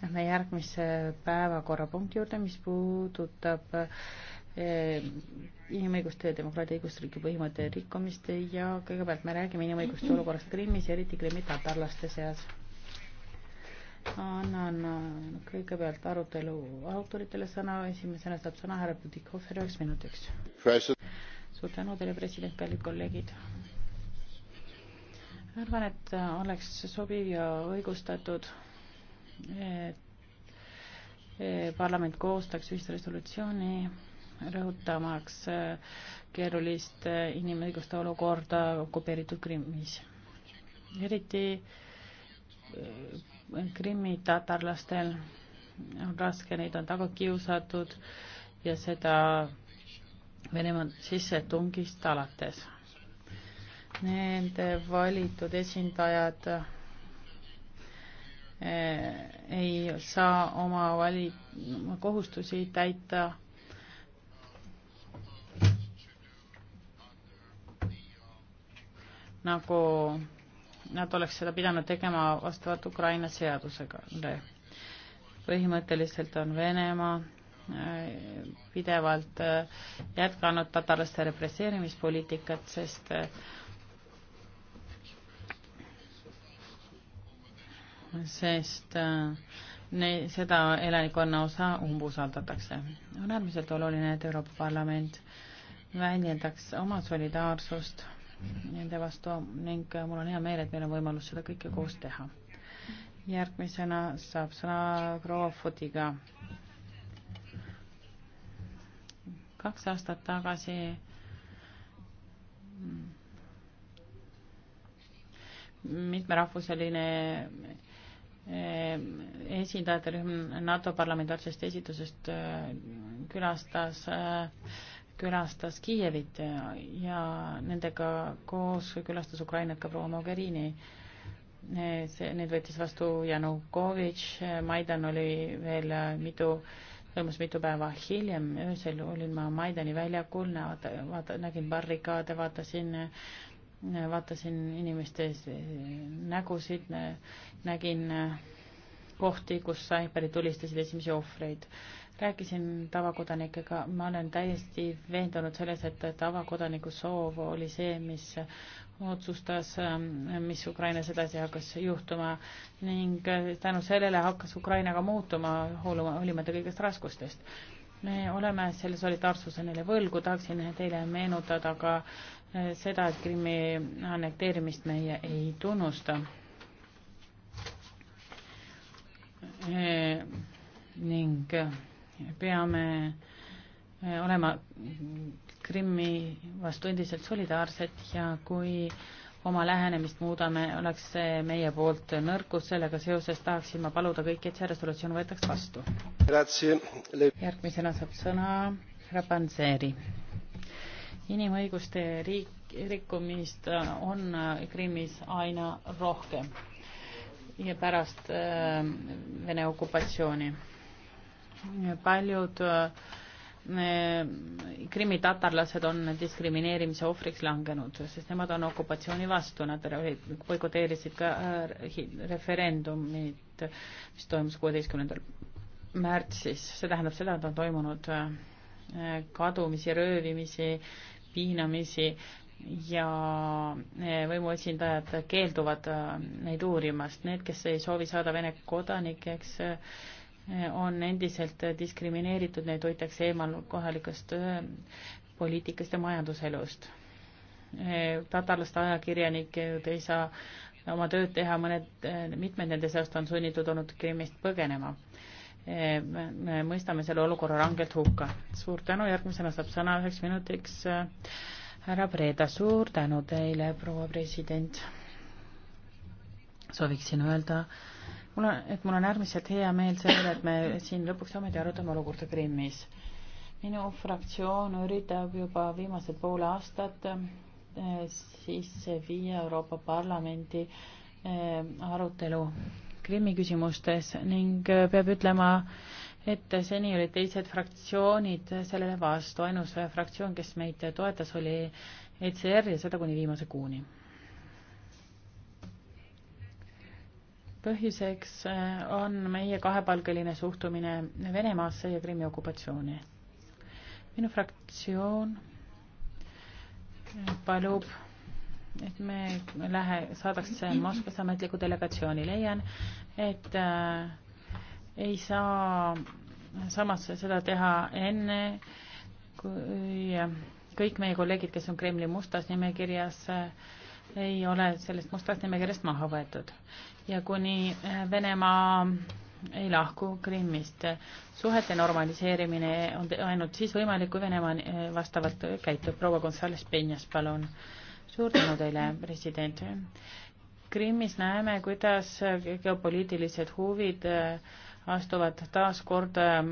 Lähme järgmise päevakorrapunkti juurde, mis puudutab eh, inimõiguste ja demokraatia õigusriigi põhimõtte rikkumist ja kõigepealt me räägime inimõiguste olukorrast Krimmis ja eriti Krimmi tatarlaste seas. annan eh, kõigepealt arutelu autoritele sõna, esimesena saab sõna härra Pudikofer üheks minutiks. suur tänu teile, president, kallid kolleegid arvan, et oleks sobiv ja õigustatud parlament koostaks ühisresolutsiooni rõhutamaks äh, keerulist äh, inimõiguste olukorda okupeeritud Krimmis. eriti äh, Krimmi tatarlastel on raske, neid on taga kiusatud ja seda Venemaa sissetungist alates. Nende valitud esindajad Eh, ei saa oma vali-, kohustusi täita. nagu nad oleks seda pidanud tegema vastavalt Ukraina seadusega. põhimõtteliselt on Venemaa eh, pidevalt eh, jätkanud tatarlaste represseerimispoliitikat, sest sest äh, ne-, seda elanikkonna osa umbusaldatakse. on äärmiselt oluline, et Euroopa Parlament väljendaks oma solidaarsust nende vastu ning äh, mul on hea meel, et meil on võimalus seda kõike koos teha. järgmisena saab sõna proua Futiga. kaks aastat tagasi mitmerahvuseline Eh, esindajate rühm NATO parlamentaarsest esitusest eh, külastas, eh, külastas Kiievit ja nendega koos külastas Ukrainat ka proua Mogherini. see, need võttis vastu Janukovitš, Maidan oli veel mitu toimus mitu päeva hiljem, öösel olin ma Maidani väljakul, vaata, vaata, nägin barrikaade, vaatasin vaatasin inimeste nägusid, nägin äh, kohti, kus saiperid tulistasid esimesi ohvreid. rääkisin tavakodanikega, ma olen täiesti veendunud selles, et tavakodaniku soov oli see, mis otsustas, ähm, mis Ukrainas edasi hakkas juhtuma ning äh, tänu sellele hakkas Ukraina ka muutuma, hoolimata kõigest raskustest me oleme selle solidaarsuse neile võlgu, tahaksin teile meenutada ka eh, seda, et Krimmi annekteerimist meie ei tunnusta. Eh, ning eh, peame olema Krimmi vastu endiselt solidaarsed ja kui oma lähenemist muudame, oleks see meie poolt nõrkus, sellega seoses tahaksin ma paluda kõiki, et see resolutsioon võetaks vastu. järgmisena saab sõna Rapanseri. inimõiguste riik, rikkumist on Krimmis aina rohkem ja pärast äh, Vene okupatsiooni. paljud äh, krimmitatarlased on diskrimineerimise ohvriks langenud, sest nemad on okupatsiooni vastu, nad boikoteerisid ka äh, referendumit, mis toimus kuueteistkümnendal märtsis, see tähendab seda, et on toimunud äh, kadumisi, röövimisi, piinamisi ja äh, võimuesindajad keelduvad neid uurimast, need, kes ei soovi saada Vene kodanikeks, on endiselt diskrimineeritud, neid hoitakse eemal kohalikust poliitikast ja majanduselust. tatarlaste ajakirjanikud ei saa oma tööd teha, mõned, mitmed nende seast on sunnitud olnud Krimmist põgenema. me mõistame selle olukorra rangelt hukka. suur tänu, järgmisena saab sõna üheks minutiks härra Breda, suur tänu teile, proua president. sooviksin öelda, mul on, et mul on äärmiselt hea meel selle üle, et me siin lõpuks ometi arutame olukorda Krimmis. minu fraktsioon üritab juba viimased pool aastat eh, sisse viia Euroopa Parlamendi eh, arutelu Krimmi küsimustes ning eh, peab ütlema, et seni olid teised fraktsioonid sellele vastu, ainus fraktsioon, kes meid toetas, oli ECR ja seda kuni viimase kuuni põhjuseks äh, on meie kahepalgeline suhtumine Venemaasse ja Krimmi okupatsiooni. minu fraktsioon äh, palub, et me lähe, saadaks Moskvas ametliku delegatsiooni, leian, et äh, ei saa samas seda teha enne, kui äh, kõik meie kolleegid, kes on Kremli mustas nimekirjas äh,, ei ole sellest mustast nimekirjast maha võetud ja kuni äh, Venemaa äh, ei lahku Krimmist. suhete normaliseerimine on ainult siis võimalik, kui Venemaa äh, vastavalt käitub. proua Gonzales Penjas, palun. suur tänu teile, president. Krimmis näeme, kuidas geopoliitilised huvid äh, astuvad taas kord äh,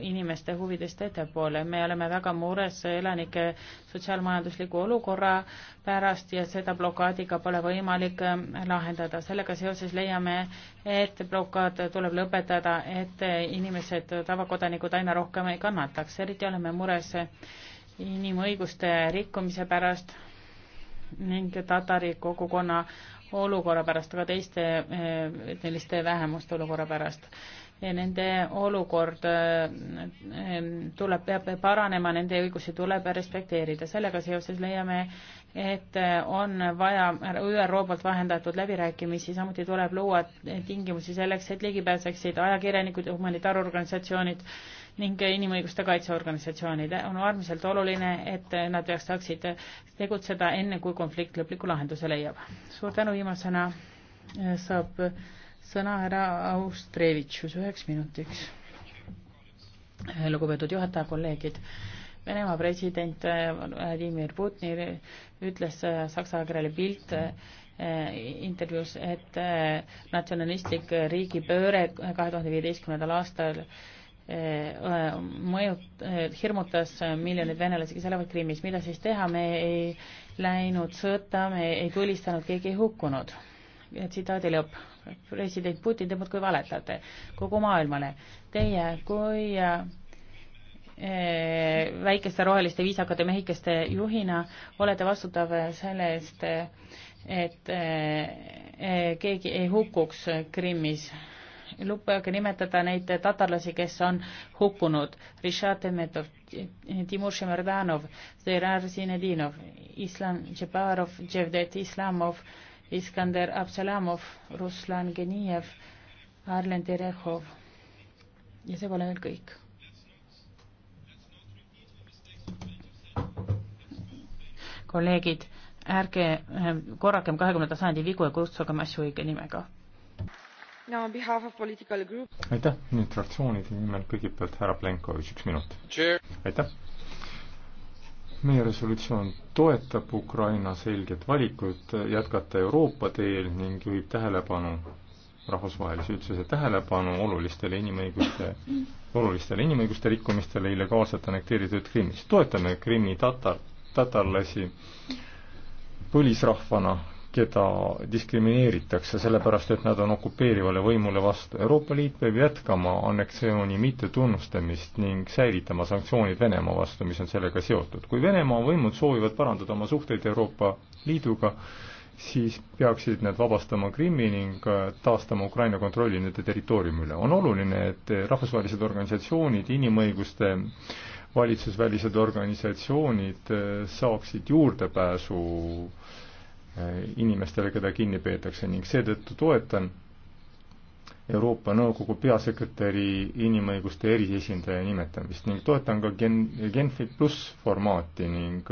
inimeste huvidest ettepoole. me oleme väga mures elanike sotsiaalmajandusliku olukorra pärast ja seda blokaadiga pole võimalik äh, lahendada. sellega seoses leiame, et blokaad tuleb lõpetada, et inimesed, tavakodanikud aina rohkem ei kannataks. eriti oleme mures inimõiguste rikkumise pärast ning tatari kogukonna olukorra pärast, aga teiste äh, selliste vähemuste olukorra pärast ja nende olukord äh, tuleb, peab paranema, nende õigusi tuleb respekteerida. sellega seoses leiame, et äh, on vaja ÜRO poolt vahendatud läbirääkimisi, samuti tuleb luua tingimusi selleks, et ligi pääseksid ajakirjanikud ja humanitaarorganisatsioonid ning inimõiguste kaitseorganisatsioonid. on äärmiselt oluline, et nad peaks, saaksid tegutseda enne, kui konflikt lõpliku lahenduse leiab. suur tänu, viimasena äh, saab sõna härra Austrevitšus üheks minutiks. lugupeetud juhataja, kolleegid. Venemaa president eh, Vladimir Putin ütles eh, Saksa ajakirjale Bild eh, intervjuus, et natsionalistlik riigipööre kahe tuhande viieteistkümnendal aastal mõjut-, hirmutas miljoneid venelasi, kes elavad Krimmis, mida siis teha, me ei läinud sõtta, me ei tulistanud, keegi ei hukkunud tsitaadi lõpp. president Putin, te muudkui valetate kogu maailmale. Teie kui eh, väikeste roheliste viisakate mehikeste juhina olete vastutav selle eest, et eh, eh, keegi ei hukkuks Krimmis. lubage nimetada neid tatarlasi, kes on hukkunud. Richard Temetov, Timur Šemerdanov, Zerar Zinedinov, Islam Tšeparov, Jevdet Islamov Iskander Absalamov, Ruslan Geniev, Arlen Terehov ja see pole veel kõik. kolleegid, ärge äh, korrakem kahekümnenda sajandi vigu ja kutsugem asju õige nimega. aitäh, nüüd fraktsioonide nimel kõigepealt härra Plenkovitš, üks minut. aitäh meie resolutsioon toetab Ukraina selget valikut jätkata Euroopa teel ning juhib tähelepanu, rahvusvahelise üldsuse tähelepanu olulistele inimõiguste, olulistele inimõiguste rikkumistele illegaalselt annekteeritud Krimmis. toetame Krimmi tatar, tatarlasi põlisrahvana keda diskrimineeritakse sellepärast, et nad on okupeerivale võimule vastu. Euroopa Liit peab jätkama anneksiooni mittetunnustamist ning säilitama sanktsioonid Venemaa vastu, mis on sellega seotud. kui Venemaa võimud soovivad parandada oma suhteid Euroopa Liiduga, siis peaksid nad vabastama Krimmi ning äh, taastama Ukraina kontrolli nende territooriumi üle. on oluline, et äh, rahvusvahelised organisatsioonid, inimõiguste valitsusvälised organisatsioonid äh, saaksid juurdepääsu äh, Äh, inimestele, keda kinni peetakse ning seetõttu toetan Euroopa Nõukogu peasekretäri inimõiguste eriesindaja nimetamist ning toetan ka Gen-, Genfi pluss formaati ning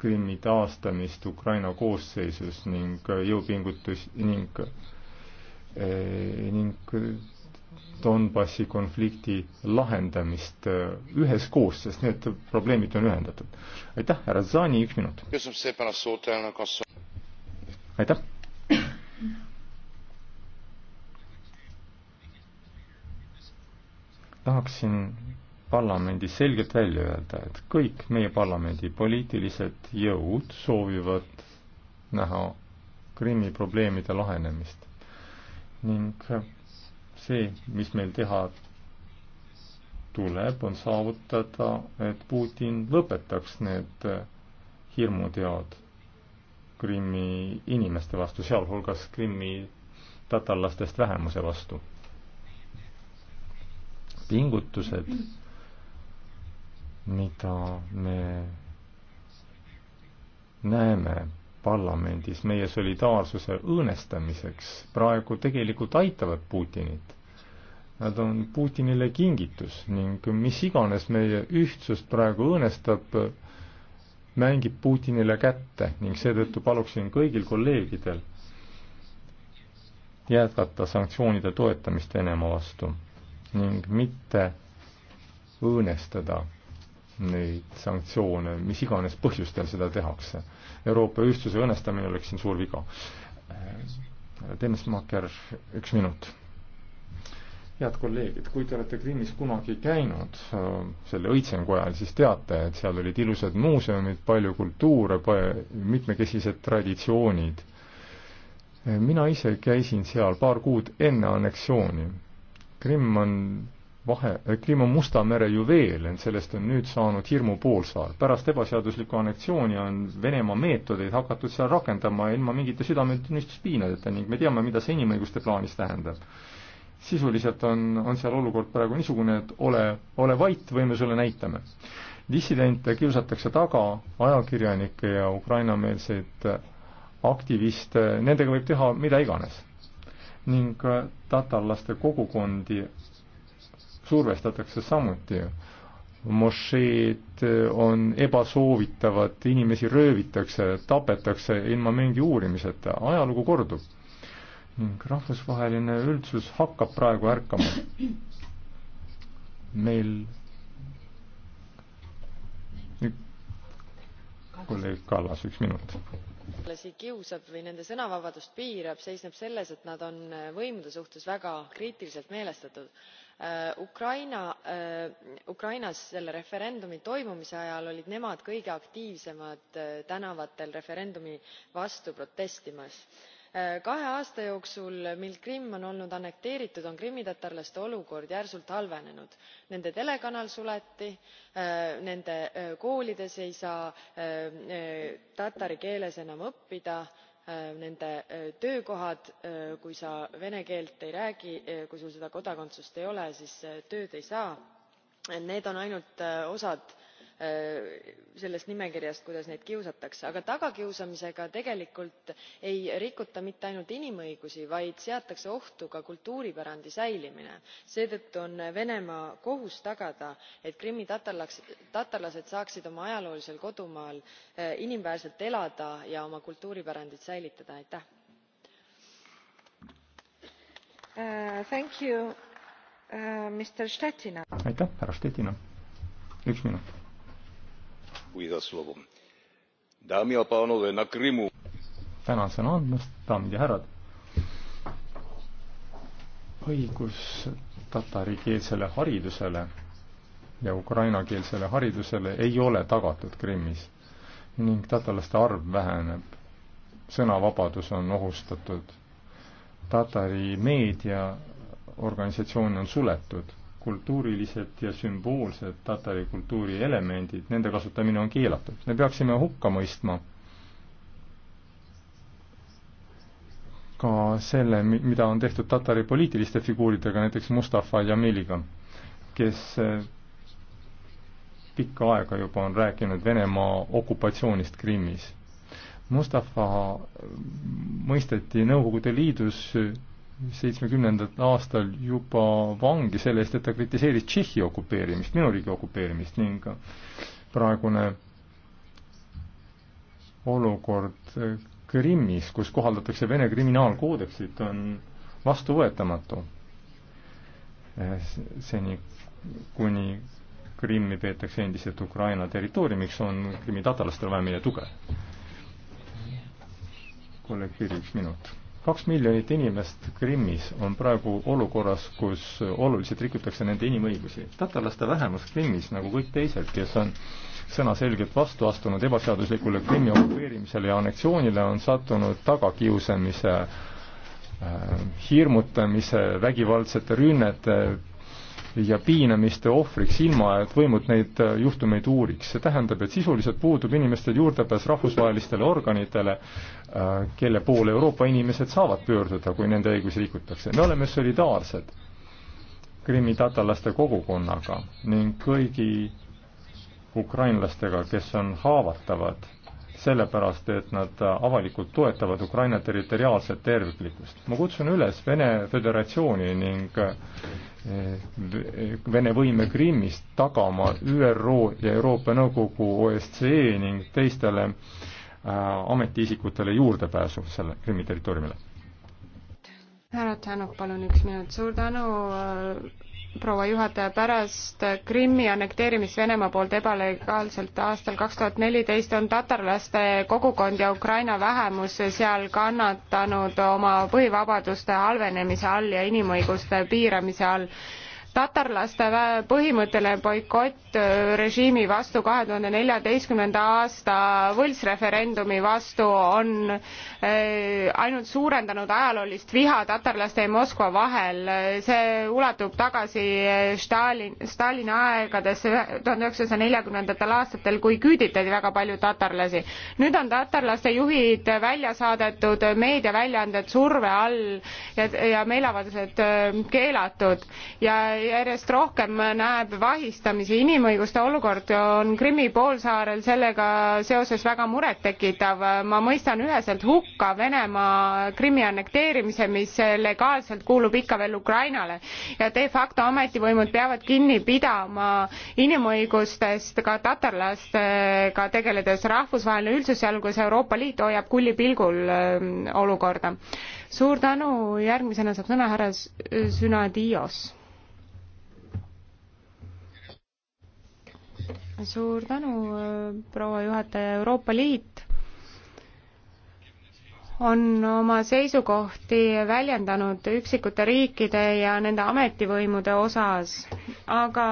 Krimmi taastamist Ukraina koosseisus ning jõupingutus ning äh, ning Donbassi konflikti lahendamist äh, üheskoos, sest need probleemid on ühendatud. aitäh, härra Zani, üks minut aitäh! tahaksin parlamendi selgelt välja öelda, et kõik meie parlamendi poliitilised jõud soovivad näha Krimmi probleemide lahenemist. ning see, mis meil teha tuleb, on saavutada, et Putin lõpetaks need hirmuteod Krimmi inimeste vastu, sealhulgas Krimmi tatarlastest vähemuse vastu. pingutused, mida me näeme parlamendis meie solidaarsuse õõnestamiseks, praegu tegelikult aitavad Putinit. Nad on Putinile kingitus ning mis iganes meie ühtsust praegu õõnestab, mängib Putinile kätte ning seetõttu paluksin kõigil kolleegidel jätkata sanktsioonide toetamist Venemaa vastu ning mitte õõnestada neid sanktsioone, mis iganes põhjustel seda tehakse. Euroopa ühtsuse õõnestamine oleks siin suur viga. Äh, Dennis Macker, üks minut head kolleegid, kui te olete Krimmis kunagi käinud äh, selle õitsengu ajal, siis teate, et seal olid ilusad muuseumid, palju kultuure, mitmekesised traditsioonid. mina ise käisin seal paar kuud enne anneksiooni. Krimm on vahe, äh, Krimm on Musta mere juveel, ent sellest on nüüd saanud hirmu poolsaar. pärast ebaseaduslikku anneksiooni on Venemaa meetodeid hakatud seal rakendama ilma mingite südametunnistuspiinadeta ning me teame, mida see inimõiguste plaanis tähendab sisuliselt on, on seal olukord praegu niisugune, et ole, ole vait või me sulle näitame. dissidente kiusatakse taga, ajakirjanikke ja ukrainameelseid aktiviste, nendega võib teha mida iganes. ning äh, tatarlaste kogukondi survestatakse samuti. mošeed äh, on ebasoovitavad, inimesi röövitakse, tapetakse ilma mingi uurimiseta, ajalugu kordub ning rahvusvaheline üldsus hakkab praegu ärkama. meil kolleeg Kallas, üks minut. kiusab või nende sõnavabadust piirab, seisneb selles, et nad on äh, võimude suhtes väga kriitiliselt meelestatud. Äh, Ukraina, äh, Ukrainas selle referendumi toimumise ajal olid nemad kõige aktiivsemad tänavatel referendumi vastu protestimas kahe aasta jooksul mil krimm on olnud annekteeritud on krimmitatarlaste olukord järsult halvenenud nende telekanal suleti äh, nende äh, koolides ei saa äh, tatari keeles enam õppida nende töökohad kui sa vene keelt ei räägi kui sul seda kodakondsust ei ole siis tööd ei saa. need on ainult osad Äh, sellest nimekirjast kuidas neid kiusatakse aga tagakiusamisega tegelikult ei rikuta mitte ainult inimõigusi vaid seatakse ohtu ka kultuuripärandi säilimine seetõttu on venemaa kohus tagada et krimmitatarlased saaksid oma ajaloolisel kodumaal äh, inimväärselt elada ja oma kultuuripärandit säilitada aitäh äh, härra Stetina üks minut tänan sõna andmast, daamid ja härrad. õigus tatarikeelsele haridusele ja ukrainakeelsele haridusele ei ole tagatud Krimmis ning tatarlaste arv väheneb. sõnavabadus on ohustatud. Tatari meediaorganisatsioon on suletud kultuurilised ja sümboolsed tatari kultuuri elemendid, nende kasutamine on keelatud. me peaksime hukka mõistma ka selle, mida on tehtud tatari poliitiliste figuuridega, näiteks Mustafa Jamiliga, kes eh, pikka aega juba on rääkinud Venemaa okupatsioonist Krimmis. Mustafa eh, mõisteti Nõukogude Liidus seitsmekümnendal aastal juba vangi selle eest, et ta kritiseeris Tšehhi okupeerimist, minu riigi okupeerimist ning praegune olukord Krimmis, kus kohaldatakse Vene kriminaalkoodeksit, on vastuvõetamatu. seni, kuni Krimmi peetakse endiselt Ukraina territooriumiks, on krimmi tatarlastel vaja meie tuge. kolleeg Piri, üks minut kaks miljonit inimest Krimmis on praegu olukorras, kus oluliselt rikutakse nende inimõigusi. tatarlaste vähemus Krimmis, nagu kõik teised, kes on sõnaselgelt vastu astunud ebaseaduslikule Krimmi okupeerimisele ja anneksioonile, on sattunud tagakiusamise, äh, hirmutamise, vägivaldsete rünnete ja piinamiste ohvriks, ilma et võimud neid äh, juhtumeid uuriks. see tähendab, et sisuliselt puudub inimestel juurdepääs rahvusvahelistele organitele, äh, kelle poole Euroopa inimesed saavad pöörduda, kui nende õigusi rikutakse. me oleme solidaarsed krimmitatarlaste kogukonnaga ning kõigi ukrainlastega, kes on haavatavad sellepärast, et nad äh, avalikult toetavad Ukraina territoriaalset terviklikkust. ma kutsun üles Vene Föderatsiooni ning Vene võime Krimmist tagama ÜRO ja Euroopa Nõukogu OSCE ning teistele äh, ametiisikutele juurdepääsu selle Krimmi territooriumile. härra Tänuk, palun üks minut, suur tänu proua juhataja, pärast Krimmi annekteerimist Venemaa poolt ebalegaalselt aastal kaks tuhat neliteist on tatarlaste kogukond ja Ukraina vähemus seal kannatanud oma põhivabaduste halvenemise all ja inimõiguste piiramise all tatarlaste põhimõtteline boikott äh, režiimi vastu kahe tuhande neljateistkümnenda aasta võltsreferendumi vastu on äh, ainult suurendanud ajaloolist viha tatarlaste ja Moskva vahel. see ulatub tagasi äh, Stalin, Stalini aegadesse tuhande üheksasaja neljakümnendatel aastatel, kui küüditati väga palju tatarlasi. nüüd on tatarlaste juhid välja saadetud, meediaväljaanded surve all ja, ja meeleavaldused keelatud ja järjest rohkem näeb vahistamisi. inimõiguste olukord on Krimmi poolsaarel sellega seoses väga murettekitav. ma mõistan üheselt hukka Venemaa Krimmi annekteerimise, mis legaalselt kuulub ikka veel Ukrainale ja de facto ametivõimud peavad kinni pidama inimõigustest ka tatarlastega tegeledes. rahvusvaheline üldsus, sealhulgas Euroopa Liit, hoiab kulli pilgul ähm, olukorda. suur tänu, järgmisena saab sõna härra Sünadios suur tänu, äh, proua juhataja, Euroopa Liit on oma seisukohti väljendanud üksikute riikide ja nende ametivõimude osas, aga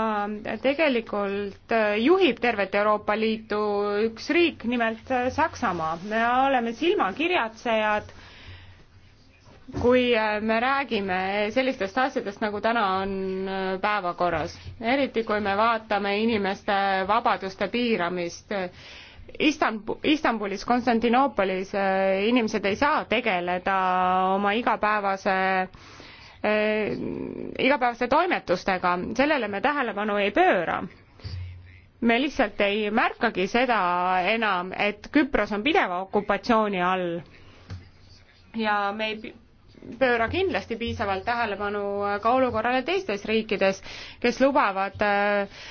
tegelikult äh, juhib tervet Euroopa Liitu üks riik, nimelt äh, Saksamaa. me oleme silmakirjatsejad kui äh, me räägime sellistest asjadest, nagu täna on äh, päevakorras, eriti kui me vaatame inimeste vabaduste piiramist. Istanbul, Istanbulis, Konstantinoopolis äh, inimesed ei saa tegeleda oma igapäevase igapäevaste toimetustega, sellele me tähelepanu ei pööra me lihtsalt ei märkagi seda enam, et Küpros on pideva okupatsiooni all. ja me ei pööra kindlasti piisavalt tähelepanu ka olukorrale teistes riikides, kes lubavad äh,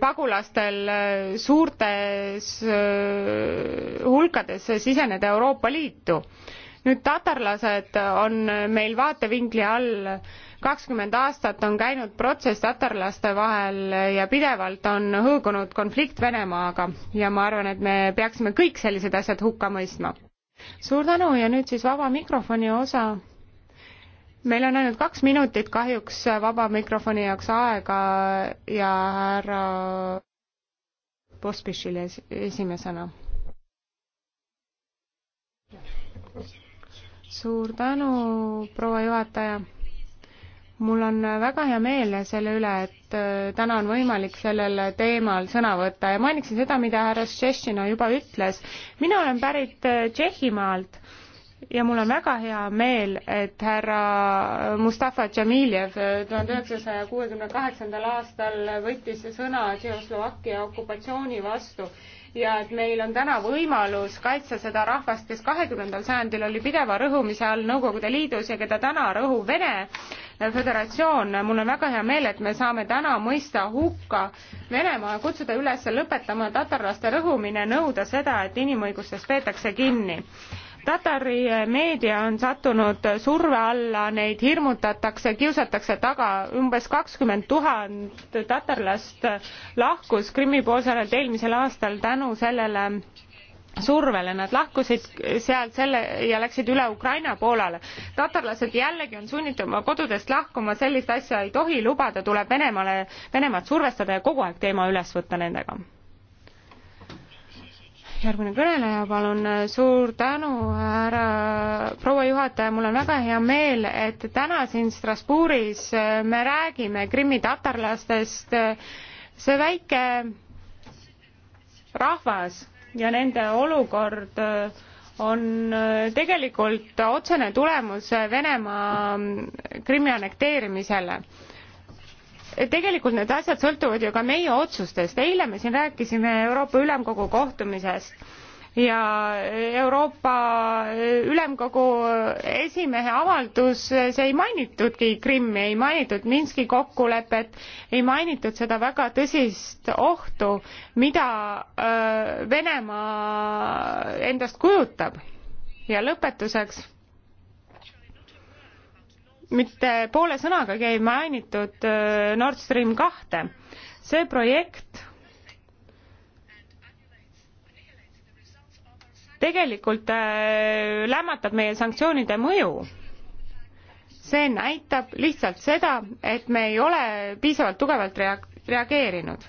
pagulastel äh, suurtes äh, hulkades siseneda Euroopa Liitu. nüüd tatarlased on meil vaatevinkli all kakskümmend aastat on käinud protsess tatarlaste vahel ja pidevalt on hõõgunud konflikt Venemaaga ja ma arvan, et me peaksime kõik sellised asjad hukka mõistma. suur tänu ja nüüd siis vaba mikrofoni osa meil on ainult kaks minutit kahjuks vaba mikrofoni jaoks aega ja härra Pospišile esimesena. suur tänu, proua juhataja. mul on väga hea meel selle üle, et äh, täna on võimalik sellel teemal sõna võtta ja mainiksin seda, mida härra Šešina juba ütles. mina olen pärit äh, Tšehhimaalt ja mul on väga hea meel, et härra Mustafa Džamiljev tuhande üheksasaja kuuekümne kaheksandal aastal võttis sõna Tšehhoslovakkia okupatsiooni vastu ja et meil on täna võimalus kaitsta seda rahvast, kes kahekümnendal sajandil oli pideva rõhumise all Nõukogude Liidus ja keda täna rõhub Vene Föderatsioon. mul on väga hea meel, et me saame täna mõista hukka Venemaa ja kutsuda üles lõpetama tatarlaste rõhumine, nõuda seda, et inimõigustest peetakse kinni Tatari meedia on sattunud surve alla, neid hirmutatakse, kiusatakse taga, umbes kakskümmend tuhat tatarlast lahkus Krimmi poolsaarelt eelmisel aastal tänu sellele survele, nad lahkusid sealt selle ja läksid üle Ukraina poolele. tatarlased jällegi on sunnitud oma kodudest lahkuma, sellist asja ei tohi lubada, tuleb Venemaale, Venemaad survestada ja kogu aeg teema üles võtta nendega järgmine kõneleja, palun. suur tänu, härra proua juhataja, mul on väga hea meel, et täna siin Strasbourgis me räägime krimmitatarlastest. see väike rahvas ja nende olukord on tegelikult otsene tulemus Venemaa Krimmi annekteerimisele tegelikult need asjad sõltuvad ju ka meie otsustest. eile me siin rääkisime Euroopa Ülemkogu kohtumisest ja Euroopa Ülemkogu esimehe avalduses ei mainitudki Krimmi, ei mainitud Minski kokkulepet, ei mainitud seda väga tõsist ohtu, mida Venemaa endast kujutab. ja lõpetuseks mitte poole sõnagagi ei mainitud äh, Nord Stream kahte. see projekt tegelikult äh, lämmatab meie sanktsioonide mõju. see näitab lihtsalt seda, et me ei ole piisavalt tugevalt reak-, reageerinud.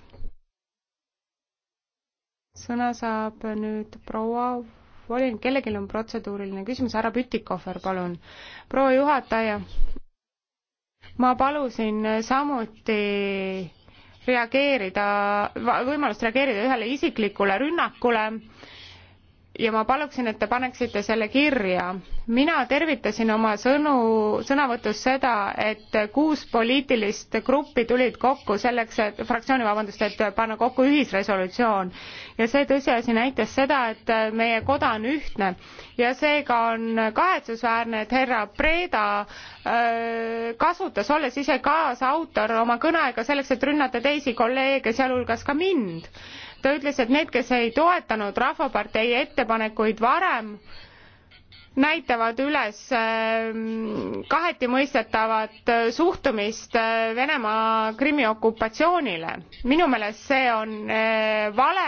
sõna saab nüüd proua volinik, kellelgi on protseduuriline küsimus, härra Pütikofer, palun. proua juhataja, ma palusin samuti reageerida, võimalust reageerida ühele isiklikule rünnakule ja ma paluksin, et te paneksite selle kirja. mina tervitasin oma sõnu, sõnavõtus seda, et kuus poliitilist gruppi tulid kokku selleks, et, fraktsiooni vabandust, et panna kokku ühisresolutsioon ja see tõsiasi näitas seda, et äh, meie koda on ühtne ja seega on kahetsusväärne, et härra Preda äh, kasutas, olles ise kaasautor oma kõneaega selleks, et rünnata teisi kolleege, sealhulgas ka mind. ta ütles, et need, kes ei toetanud Rahvapartei ettepanekuid varem, näitavad üles ähm, kahetimõistetavat äh, suhtumist äh, Venemaa Krimmi okupatsioonile. minu meelest see on äh, vale,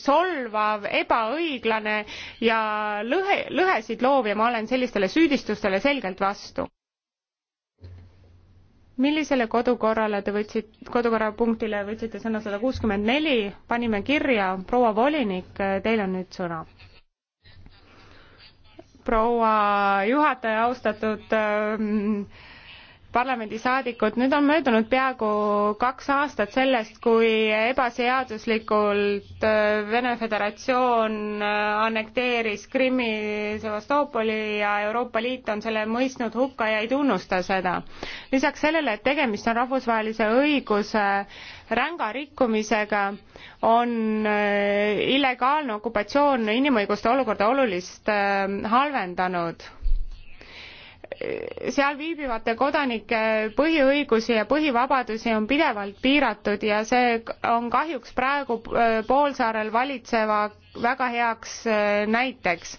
solvav, ebaõiglane ja lõhe, lõhesid loov ja ma olen sellistele süüdistustele selgelt vastu. millisele kodukorrale te võtsite, kodukorrapunktile võtsite sõna sada kuuskümmend neli, panime kirja, proua volinik, teil on nüüd sõna proua juhataja, austatud ähm, parlamendisaadikud, nüüd on möödunud peaaegu kaks aastat sellest, kui ebaseaduslikult äh, Vene Föderatsioon äh, annekteeris Krimmi Sevastoopoli ja Euroopa Liit on selle mõistnud hukka ja ei tunnusta seda. lisaks sellele, et tegemist on rahvusvahelise õiguse ränga rikkumisega, on äh, illegaalne okupatsioon inimõiguste olukorda oluliselt halvendanud seal viibivate kodanike põhiõigusi ja põhivabadusi on pidevalt piiratud ja see on kahjuks praegu äh, poolsaarel valitseva väga heaks äh, näiteks.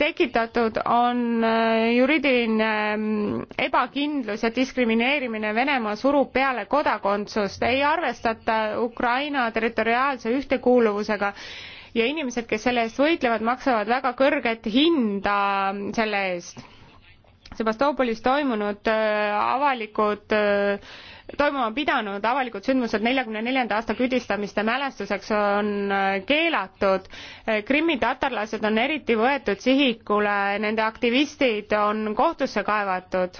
tekitatud on äh, juriidiline mm, ebakindlus ja diskrimineerimine, Venemaa surub peale kodakondsust, ei arvestata Ukraina territoriaalse ühtekuuluvusega ja inimesed, kes selle eest võitlevad, maksavad väga kõrget hinda selle eest. Sebastopolis toimunud äh, avalikud äh, toimuma pidanud avalikud sündmused neljakümne neljanda aasta küüdistamiste mälestuseks on äh, keelatud. Krimmi tatarlased on eriti võetud sihikule, nende aktivistid on kohtusse kaevatud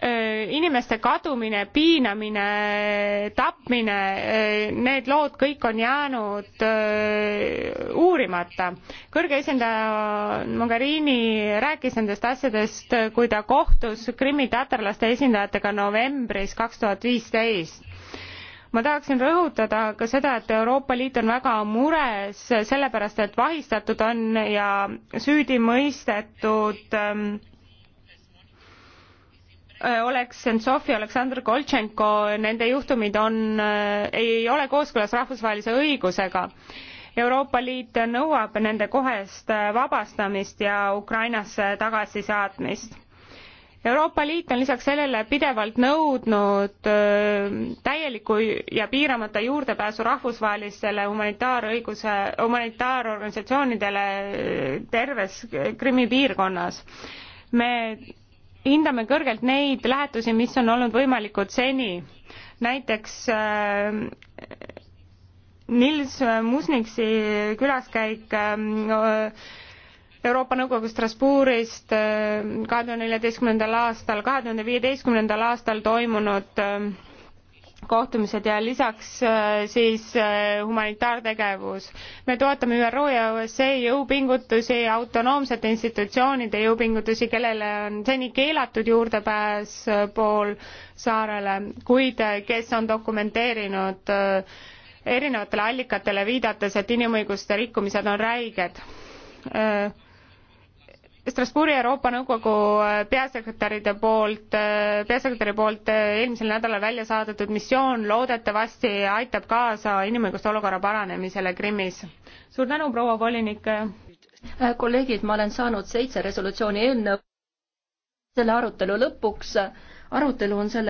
Äh, inimeste kadumine, piinamine, tapmine, äh, need lood kõik on jäänud äh, uurimata. kõrge esindaja Mogherini rääkis nendest asjadest, kui ta kohtus Krimmi tatarlaste esindajatega novembris kaks tuhat viisteist ma tahaksin rõhutada ka seda, et Euroopa Liit on väga mures sellepärast, et vahistatud on ja süüdi mõistetud ähm, Äh, Oleg Sentsov ja Aleksandr Koltšenko, nende juhtumid on, äh, ei ole kooskõlas rahvusvahelise õigusega. Euroopa Liit nõuab nende kohest äh, vabastamist ja Ukrainasse tagasisaatmist. Euroopa Liit on lisaks sellele pidevalt nõudnud täielikku ja piiramata juurdepääsu rahvusvahelistele humanitaarõiguse, humanitaarorganisatsioonidele terves Krimmi piirkonnas me hindame kõrgelt neid lähetusi, mis on olnud võimalikud seni. näiteks äh, Nils Musniksi külaskäik äh, Euroopa Nõukogu Strasbourgist äh, kahe tuhande neljateistkümnendal aastal, kahe tuhande viieteistkümnendal aastal toimunud äh, kohtumised ja lisaks äh, siis äh, humanitaartegevus. me toetame ÜRO ja USA jõupingutusi, autonoomsete institutsioonide jõupingutusi, kellele on seni keelatud juurdepääs äh, pool saarele, kuid kes on dokumenteerinud erinevatele allikatele viidates, et inimõiguste rikkumised on räiged Strasbourgi Euroopa Nõukogu äh, peasekretäride poolt, äh, peasekretäri poolt äh, eelmisel nädalal välja saadetud missioon loodetavasti aitab kaasa inimõiguste olukorra paranemisele Krimmis. suur tänu, proua volinik! kolleegid, ma olen saanud seitse resolutsiooni eelnõu selle arutelu lõpuks. arutelu on selle